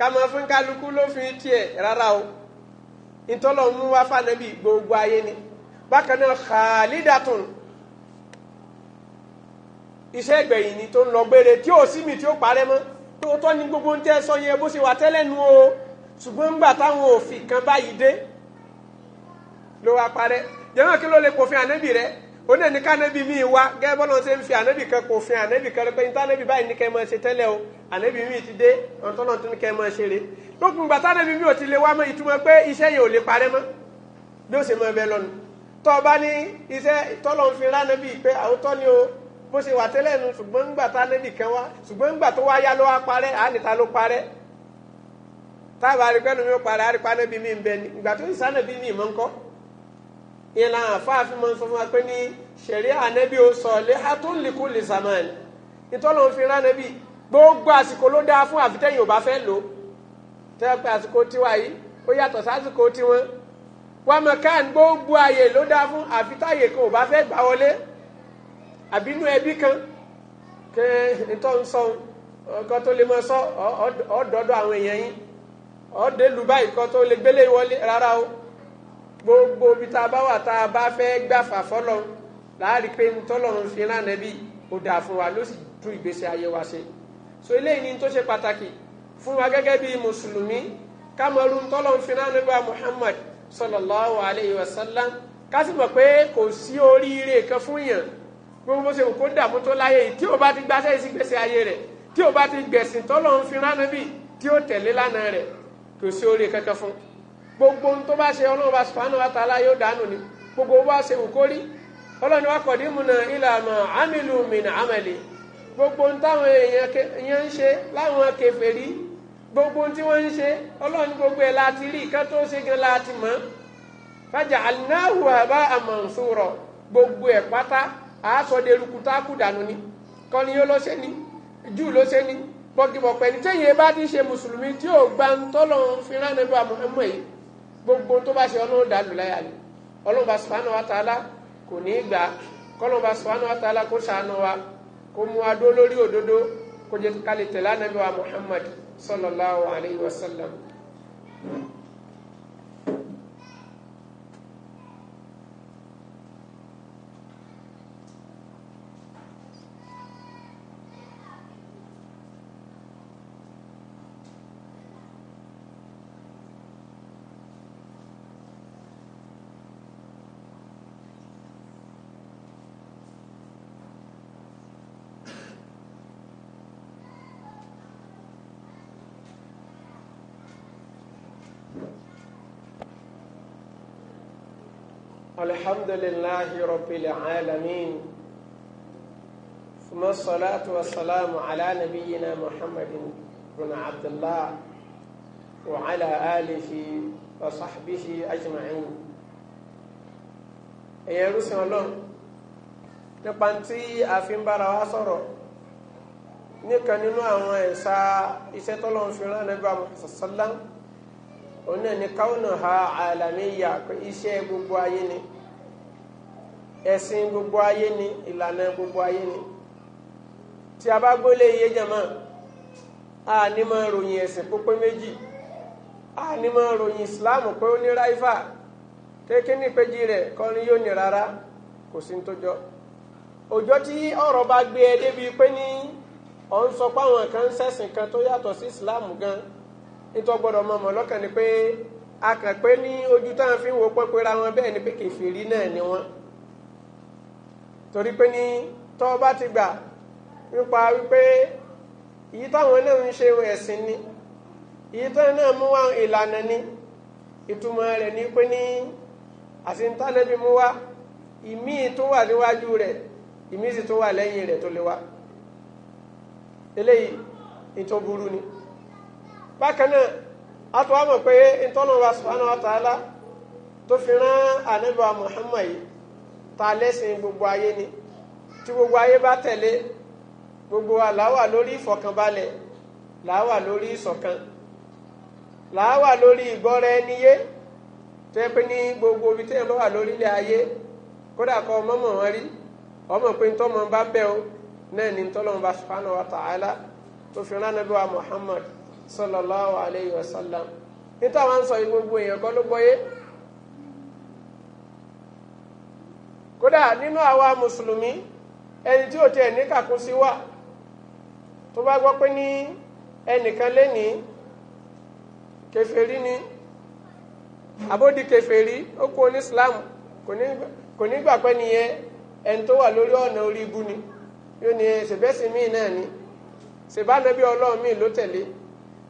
ká máa fún kálukú lófin tiẹ̀ rárá o ìtọ́lọ̀ mú wá fànẹ́bí gbogbo ayé ni bákan náà khalidatun iṣẹ́ ìgbẹ̀yìn ni tó ń lọ gbére tí ò sí mi tí ó parẹ́ mọ́ tó tọ́ ni gbogbo ń tẹ́ sọ yẹ bó ṣe wà tẹ́lẹ̀ nu o ṣùgbọ́n ńgbà táwọn òfin kan báyìí dé ló wá parẹ́ jẹ́wọ́n kí ló lè pòfin ànẹ́bì rẹ̀ ó lè ní kánábì míì wá gẹ́gẹ́ bọ́lá ṣe ń fi ànábì kan kò fin ànábì kan pé níta ànábì báyìí ní kẹ́ máa ṣe tẹ́lẹ̀ o ànábì míì ti dé ọ̀tọ́nà tó ní kẹ́ máa ṣe rè lókun gbà tánábì míì ò ti lè wá mọ́ ìtumọ̀ pé iṣẹ́ yẹn ò lè parẹ́ mọ́ bí ó ṣe máa bẹ lọ́nu tọ́ ọ bá ní iṣẹ́ tọ́lọ́ ń fi ránábì pé àwòtọ́ ni o bó ṣe wà tẹ́lẹ̀ nu ṣùgbọ́n ńgbà tánábì kan wá ṣùgbọ́n ńgbà tó wá yá ló wá parẹ́ àánìta ló parẹ́ táàbà àrípẹ́nu mi ó parẹ́ àrípánábì mi ń bẹ ni ìgbà ìyẹn làwọn àfáàfin máa ń sọ fún wa pé ní ṣẹ̀ríà ànẹ́bí ó sọ lihatun likulli zaman ìtọ́lọ́ ń fi rán ànẹ́bí gbogbo àsìkò ló dáa fún àfitẹ́yìn ò bá fẹ́ lò tẹ́ pé àsìkò tiwa yìí ó yàtọ̀ sásìkò tiwọn wa makan gbogbo ààyè ló dáa fún àfi táyè kan ò bá fẹ́ gbà wọlé àbínú ẹbí kan kẹ ntọ́ ń sọ nǹkan tó lè mọ sọ ọ̀dọ́dọ̀ àwọn èèyàn yín ọ̀dẹ́lù báyìí kan tó lè gbélé wọlé rárá o gbogbo ibi tá a bá wà tá a bá fẹ́ gbàfà fọlọ́run láàrin pé ntọ́lọ́run fi rán nẹ́bí ó dáa fún wa ló sì tún ìgbésí ayé wa ṣe so eléyìí ni tó ṣe pàtàkì fún wa gẹ́gẹ́ bí mùsùlùmí kámọ́rú ntọ́lọ́run fi rán nẹ́bí wa Muhammad sallallahu alayhi wa sallam kásì mọ̀ pé kò sí oríire kan fún yàn gbogbo ṣe kó dààmú tó láyé tí o bá ti gbàṣẹ́ ìsìgbésí ayé rẹ̀ tí o bá ti gbẹ̀sìn tọ́lọ́run fi rán nẹ́bí tí o tẹ̀lé lánàá rẹ̀ kò sí oríire kankan fún gbogbo ohun tó bá ṣe ọlọ́run bá sùfàánù àtàlà yóò dànù ni gbogbo bó bá ṣe wù kórí ọlọ́run wa kọ̀ dín mu náà ìlànà amílù mìnà amẹ́lì gbogbo ohun táwọn èèyàn ń ṣe láwọn kèfèrí gbogbo ohun tí wọ́n ń ṣe ọlọ́run gbogbo ẹ̀ láti rí ìkan tó ṣe gan láti mọ̀ fàjà aláwọ̀ àbá àmọ̀ǹsọ̀rọ̀ gbogbo ẹ̀ pátá àásọdẹ̀rùkù tákù dànù ni kọ́ni yóò ló ṣe ni jù ló ṣe ni bọ́gìbọ̀pẹ̀ ní téèyàn bá ti ṣe mùsùlùmí tí yóò gba ń tọ́lọ́ fínra níbi àmọ́ ẹ̀mọ́ yìí gbogbo tó bá ṣe ọlọ́run dàlù láyà ni ọlọ́run bá subhanahu wa ta'ala kò ní í gbà kọ́lọ́run bá subhanahu wa ta'ala kó ṣàánú wa kó mú adó lórí òdodo kó jẹ́ ká tẹ̀lé ànábì Muhammad sallallahu alayhi wa sallam. الحمد لله رب العالمين ثم الصلاة والسلام على نبينا محمد بن عبد الله وعلى آله وصحبه أجمعين ẹ̀yẹ rúsìn ọlọ́run nípa tí a fi ń bára wa sọ̀rọ̀ níkan nínú àwọn ẹ̀sà iṣẹ́ tọ́lọ́run fi rán ẹ̀nẹ́gbà mọ́sálásí onu náà ni káwọnà ha àlàmíyà pé ise gbogbo aye ni ẹ̀sìn gbogbo aye ni ilana gbogbo aye ni ti a ba gbólé iye jẹmọ́ a ni máa ròyìn ẹ̀sìn pópé méjì a ni ma ròyìn islam pé ó ní ráífà kéèké nípejì rẹ̀ kọrin yóò ní rárá kò sí ní tó jọ òjò tí ọ̀rọ̀ bá gbé ẹ débi pé ní ọ̀ ń sọ pé àwọn kan ń ṣẹ̀sìn kan tó yàtọ̀ sí islam gan-an nítorí gbọ́dọ̀ mọ̀ mọ̀ lọ́kàn ni pé akànpé ní ojú táwọn fi ń wo pẹ́pẹ́ ra wọn bẹ́ẹ̀ ni pé kèfèrí náà ni wọ́n torí pé ní tọ́ bá ti gbà nípa wípé èyí táwọn náà ń ṣe ẹ̀sìn ni èyí táwọn náà mú wá ìlànà ni ìtumọ̀ rẹ̀ ni pé ní àsìntálẹ́bí mú wá ìmí tó wà níwájú rẹ̀ ìmí sì tó wà lẹ́yìn rẹ̀ tó lè wá eléyìí ìtọ́ burú ni. bakana náà a pé ntọ́nà wa tó fi rán Muhammad taa ta gbogbo ayé ni tí gbogbo ayé bá tẹ̀lé gbogbo wa làwà lórí ìfọ̀kànbalẹ̀ làwà lórí ìṣọ̀kan làwà lórí ìgbọ́ra ẹniyé tẹ́ pé ní gbogbo ibi tẹ́yìn bá wà lórílẹ̀ ayé kódà kọ́ ọmọ mọ̀ wọn rí ọmọ pé ntọ́mọ bá o náà ni Muhammad sallallahu alayhi wa sallam níta wá sọ yìí gbogbo èèyàn kọ́ ló gbọ́yé kódà nínú àwa mùsùlùmí ẹni tí ò tiẹ̀ ní kàkúsí wà tó bá pé ní ẹnìkan ni àbódi kèfèrí ó kú ní Islam kò ní gbà pé nìyẹn ẹni tó wà lórí ọ̀nà orí ibu ni yóò ní ṣèbẹ́sì míì náà ni ṣèbá ọlọ́run míì ló tẹ̀lé.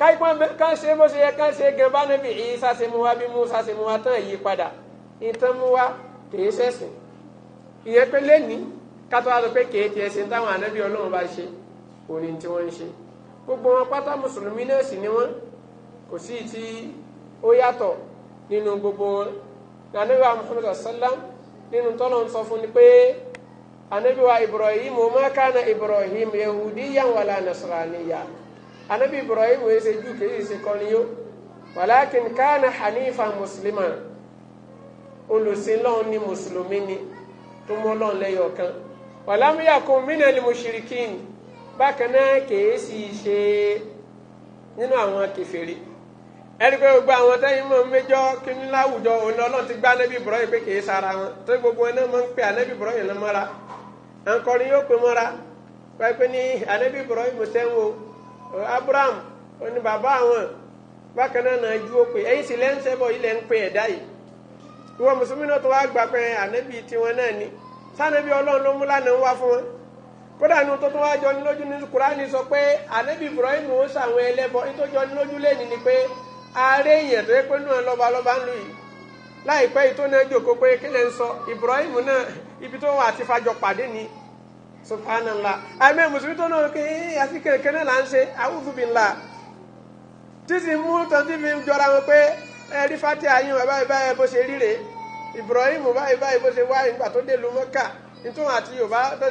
káyipọ́n bẹ kán ṣe bó ṣe yẹ kán ṣe gẹ bá níbi Ìsá ṣe mú wa bí Mùsá ṣe mú wa tán yí padà ìtàn mú wa kìí ṣẹ̀sìn ìyẹn pé lẹ́ni kátó wá sọ pé kìí tiẹ̀ ṣe táwọn ànábì Ọlọ́run bá ṣe òní tí wọ́n ń ṣe gbogbo wọn pátá mùsùlùmí náà sì ni wọ́n kò sí tí ó yàtọ̀ nínú gbogbo wọn ànábì wa Muhammad sallam nínú tọ́lọ̀ ń sọ ni pé ànábì wa Ibrahim ma kana Ibrahim yahudiyan wala nasraniyan anabi ibrahim yìí ṣe jù kìí ṣe kọ́ni yó wàlákin kánà hanifa mùsùlùmá olùsìnlọ́ọ̀ ni mùsùlùmí ni tó mọ́ lọ́ọ̀ lẹ́yọ̀ kan wàlámúyàkùn mínàlì mùsùlùkìn bákan náà kìí sì ṣe nínú àwọn kèfèrí ẹni pé gbogbo àwọn tẹ́yìn mọ̀ méjọ́ kínní láwùjọ òní ọlọ́run ti gbá anábì Ibrahim pé kìí sara wọn tó gbogbo ẹni máa ń pe anábì Ibrahim lọ mọ́ra yóò pe mọ́ra pẹ́pẹ́ ní anábì Ibrahim mo tẹ́ abraham onye baba bàbá àwọn bákan náà náà ju òpè ẹ̀yin sì lẹ́ńsẹ̀ bụ ilẹ̀ ń pe ẹ̀dá yìí ìwọ mùsùlùmí náà tó wá gbà pé ànábì tiwọn na nwa fun ọlọ́run ló mú lánàá wá fún wọn kódà nu tó tó wá jọ ní lójú ní kúránì sọ pé ànábì ibrahim ó sàwọn ẹlẹ́bọ ètò jọ ní lójú lẹ́ni ni pé ààrẹ èèyàn tó yẹ pé náà lọ́ba subhanallah àmì mùsùlùmí tó náà kí àti kẹ̀kẹ́ náà ṣe àwùjọbìnlá títí mú tọ́tí fi jọra wọn pé wọn Ibrahim báyìí báyìí bo se wáyé nígbà tó dé lu Mọ́kà nítorí àti Yorùbá tó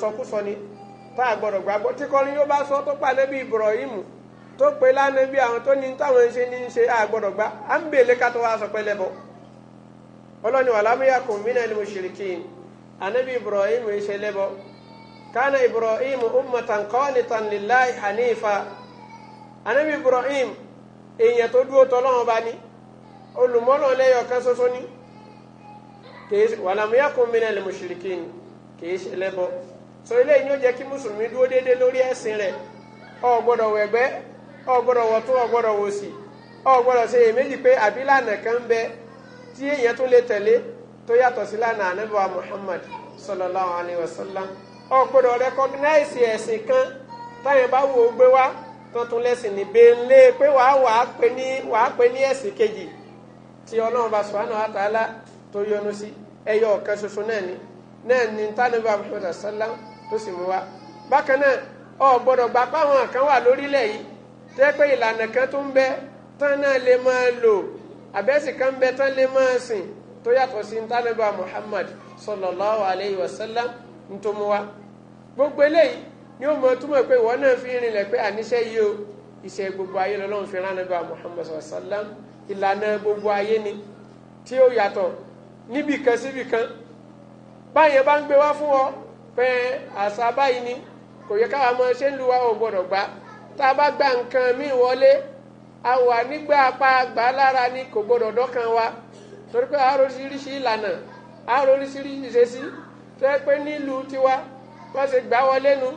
sọkúsọ ni ta a gbọ́dọ̀ gbàgbọ́ sọ tó pa Ibrahim tó pe a ọlọ́ni wà lámúyàkùn mínà ni mushrikin anabi ibrahim ṣe lẹ́bọ kánà ibrahim ummatan qanitan lillahi hanifa anabi ibrahim èèyàn tó dúró tọ́lọ́wọ́n bá ní olùmọ́lọ́ lẹ́yọ̀ kan ṣoṣo ní wà lámúyàkùn mínà ni mushrikin kìí ṣe lẹ́bọ so eléyìí ni ó jẹ́ kí mùsùlùmí dúró déédéé lórí ẹ̀sìn rẹ̀ ò gbọ́dọ̀ wẹ̀gbẹ́ ò gbọ́dọ̀ wọ̀tún ò wòsì ò gbọ́dọ̀ ṣe pé àbílànà kan bẹ́ẹ̀ tí èèyàn tó lè tẹ̀lé tó yàtọ̀ sí lánàá ànábì Muhammad sallallahu alayhi wa sallam ọ̀pọ̀lọ̀ rẹ́kọ́gínáìsì ẹ̀sìn kan táyẹn bá wo gbé wá tó tún lẹ́sìn ní bẹ́ńlé pé wàá wàá pè ní wàá pè ní ẹ̀sìn kejì tí ọlọ́run bá subhanahu wa ta'ala tó yọ́nú sí ẹyọ ọ̀kan ṣoṣo náà ni náà ni tánàbí Muhammad sallam tó sì mú wa bákan náà ọ gbọ́dọ̀ gbà páwọn kan wà lórílẹ̀ yìí tẹ́ pé ìlànà kan tó ń bẹ tán náà lè máa lò àbẹ́sì kan bẹ tán lè máa sìn tó yàtọ̀ sí ntánẹ́bà Muhammad sallallahu alayhi wa sallam ntomuwa gbogbo eléyìí ni ó mọ túmọ̀ pé ìwọ náà fi rinlẹ̀ pé àníṣe yìí o iṣẹ́ gbogbo ayé lọ́lọ́run fi rán ànábì Muhammad sallallahu alayhi wa sallam ìlànà gbogbo ayé ni tí ó yàtọ̀ níbì kan síbì kan báyẹn bá ń gbé wá fún ọ pé àṣà báyìí ni kò yẹ káwa mọ ṣé ń lu wa ò gbọdọ̀ gbà tá a bá gba nǹkan míì wọlé a wà nígbà apá àgbà lára ni kò gbọdọ̀ dọ́kan wa torí pé aróríṣiríṣi ìlànà aróríṣiríṣi ìṣesí tó yẹ pé nílùú tiwa wọ́n ti gbà wọlé nu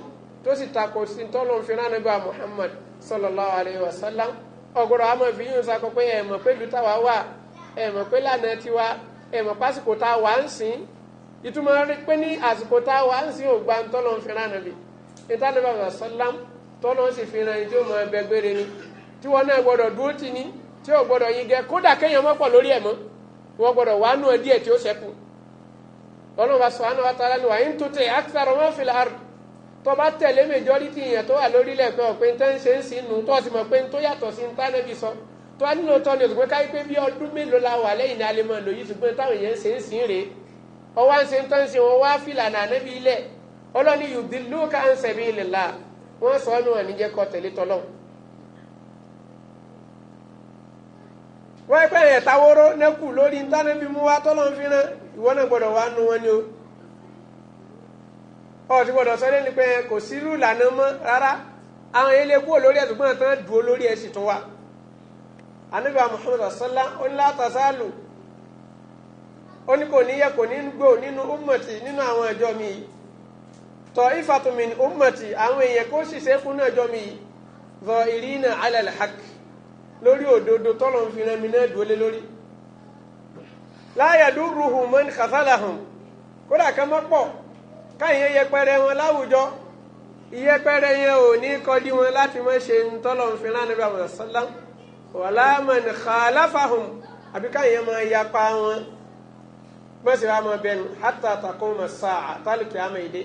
tó sì takò sí tọ́lọ́ fi rán nígbà Muhammad sallallahu alayhi wa sallam ọ̀gọ̀rọ̀ àmọ́ fi yín sakọ pé ẹ̀ mọ̀ pé ìlú wà ẹ̀ mọ̀ pé lànà tiwa ẹ̀ mọ̀ pásìkò tá a wà ń sìn ìtumọ̀ rí pé ní àsìkò tá a wà ń sìn ògbà tọ́lọ́ sallam tọ́lọ́ sì fi rán ìjọ́ mọ̀ ni tí wọn náà gbọ́dọ̀ dúró tì ní tí ò gbọ́dọ̀ yin gẹ kódà kéèyàn mọ́pọ̀ lórí ẹ̀ mọ́ wọn gbọ́dọ̀ wà nù ẹ díẹ̀ tí ó ṣẹ́kù ọlọ́run bá subhanahu wa ta'ala ni wà ń tutẹ̀ akthara ma fil ard tó bá tẹ̀lé majority yẹn tó wà lórílẹ̀ pé ọ̀pẹ ń tẹ́ ń ṣe ń sí nu tó sì mọ̀ pé ń tó yàtọ̀ sí ń tánẹ́bí sọ tó wà tọ́ ni òṣùpẹ́ káyí pé bí ọdún mélòó la wà lẹ́yìn ní alẹ́ mọ́ lò yìí ṣùgbọ́n táwọn èèyàn ṣe ń sí rèé ọwọ́ ń ṣe ń tán ṣe wọn wá fìlànà ànẹ́bí ilẹ̀ ọlọ́ni yudilluka an sabilillah wọ́n sọ ọ́nù àníjẹ́ tẹ̀lé tọ́lọ́wọ́ wọ́n yẹ pẹ́ẹ́rẹ́ ẹ̀tawóró nẹ́kù lórí ntánẹ́bí mú wa tọ́lọ́ ń fi rán ìwọ náà gbọ́dọ̀ wá nu wọn ni o ọtí gbọ́dọ̀ sọ lẹ́nu pé kò sí irú ìlànà mọ́ rárá àwọn yẹn lè kúrò lórí ẹ̀sùn gbọ́dọ̀ tán dùn lórí ẹ̀sìn tó wa anabi muhammad tọ àwọn èèyàn sì ṣe kúnú ẹjọ́ mi yìí zọ ìrìnà alẹ́ lórí òdodo tọ́lọ̀ ń fi rẹmi náà dúró lé lórí láyàdú ruhùn mọ́ni kàfàlàhùn kódà kan mọ́ pọ̀ káyẹn yẹpẹrẹ wọn láwùjọ ìyẹpẹrẹ yẹn ò ní kọdí wọn láti mọ́ ṣe ń tọ́lọ̀ ń fi ránà bí àwọn sọ́lám wàlá mọ́ni kàlàfàhùn àbí káyẹn máa yapa wọn mọ́sí wa máa bẹnu hátà takoma sáà tálùkì àmọ́ ìdè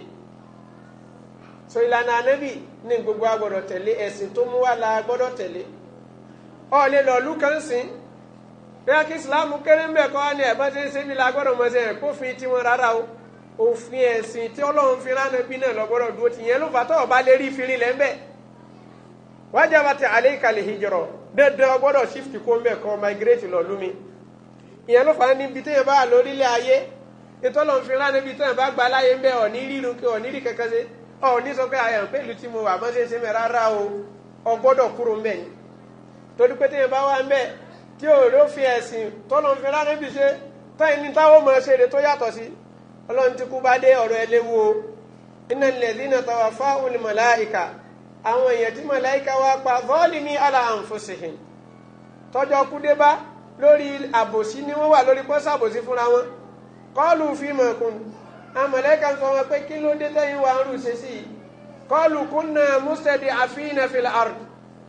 so ìlànà ànábì ní gbogbo agbọ́dọ̀ tẹ̀lé ẹ̀sìn tó mú wa la gbọ́dọ̀ tẹ̀lé ọ̀lẹ́ lọ́ọ̀lù kan sìn bẹ́ẹ̀ kí islam kéré ń bẹ̀ kọ́ ni ẹ̀bọ́n ti ń ṣe bí lágbọ́dọ̀ mọ̀ ṣe ẹ̀kófin tiwọn rárá o òfin ẹ̀sìn tí ọlọ́run fi ránà bí náà lọ́gbọ́dọ̀ dúró ti yẹn ló fà lè rí shift kó ń migrate lọ lómi ìyẹn ló fà á bá lórílẹ̀ ayé fi rí torí pé téèyàn bá wà ń bẹ̀ tí òòrè òfin ẹ̀sìn tọ́lọ́ ń fi rárá níbi ṣe táyìn ní táwọn ọmọ ṣe èrè tó yàtọ̀ sí ọlọ́run ti kú bá dé ọ̀rọ̀ ẹ léwu o iná ilẹ̀ dínà tàwa fáwọn màláìka àwọn èèyàn tí màláìka wá pa bọ́ọ̀lì ní àlà àǹfọ̀sìhìn tọ́jọ́ kú dé bá lórí àbòsí ni wọ́n wà lórí pọ́sà àbòsí fúnra wọn kọ́ọ̀lù fi mọ̀ kùn sọ wọn pé kí ló dé tẹ́yìn wa ń rù ṣe sí kọ́ọ̀lù kúnnà mustadi àfihàn fìlà àrùn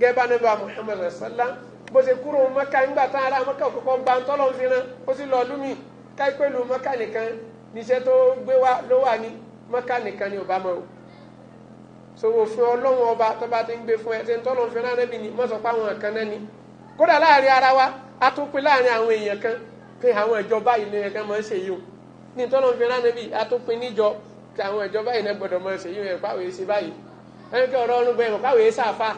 gẹ́gẹ́ bá nígbà Muhammad sallam bó ṣe kúrò mọ́kà ńgbà tán ará mọ́kà òkòkò gba ń tọ́lọ́ fi rán ó sì lọ lúmi káìpẹ́lú mọ́kà nìkan níṣẹ́ tó gbé wá ló wà ní mọ́kà nìkan ni ò bá mọ́ o sowó fún ọlọ́run ọba tó bá ti ń gbé fún ẹ ṣe ń tọ́lọ́ fi rán anábì ni mọ́sọ̀ pa àwọn kan náà ni kódà láàrin ara wa a tún pín láàrin àwọn èèyàn kan pé àwọn ìjọba yìí ni ẹ̀ka máa ń ṣe yìí o ní tọ́lọ́ fi rán anábì a tún pín níjọ pé àwọn ìjọba yìí gbọ́dọ̀ máa ṣe yìí o ẹ̀ pàwé ṣe báyìí ẹni pé ọ̀rọ̀ ọ̀run bẹ́ẹ̀ mọ̀ pàwé ṣàfà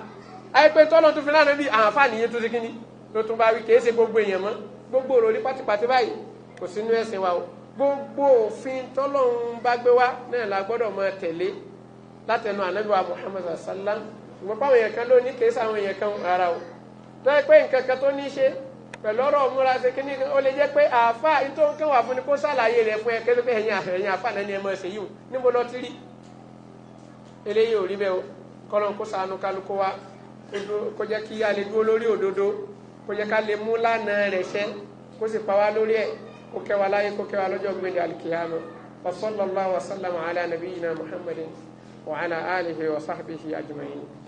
àìpé tọ́lọ́ tó fi lánàá bí àǹfààní yẹn tó ti kíní ló tún bá wí kìí ṣe gbogbo èèyàn mọ́ gbogbo òròrí pátípátí báyìí kò sínú ẹ̀sìn wa o gbogbo òfin tọ́lọ́run bá gbé wá náà la gbọ́dọ̀ máa tẹ̀lé látẹnu ànábì wa Muhammad sallam ṣùgbọ́n báwọn èèyàn kan ló ní kìí sáwọn èèyàn kan rárá o tó yẹ pé nǹkan kan tó ní í ṣe pẹ̀lú ọ̀rọ̀ múra ṣe kíní ó lè jẹ́ pé àáfà tó ń kẹwàá fún ni kó sàlàyé rẹ̀ fún ẹ kí pé ẹ̀yin àfẹ̀yìn àfà náà ni ẹ máa ṣe yìí o níbo lọ ti rí o kọ́lọ́n kó ṣàánú kálukú wa kó jẹ́ kí a lè dúró lórí òdodo kó jẹ́ ká lè mú lánàá rẹ̀ ṣẹ kó sì pa wá lórí ẹ̀ kó kẹ́ wa láyé kó kẹ́ wa lọ́jọ́ gbẹ̀dẹ̀ alikiyama wa sallallahu wa sallama ala nabiyyina muhammadin wa ala alihi wa sahbihi ajma'in.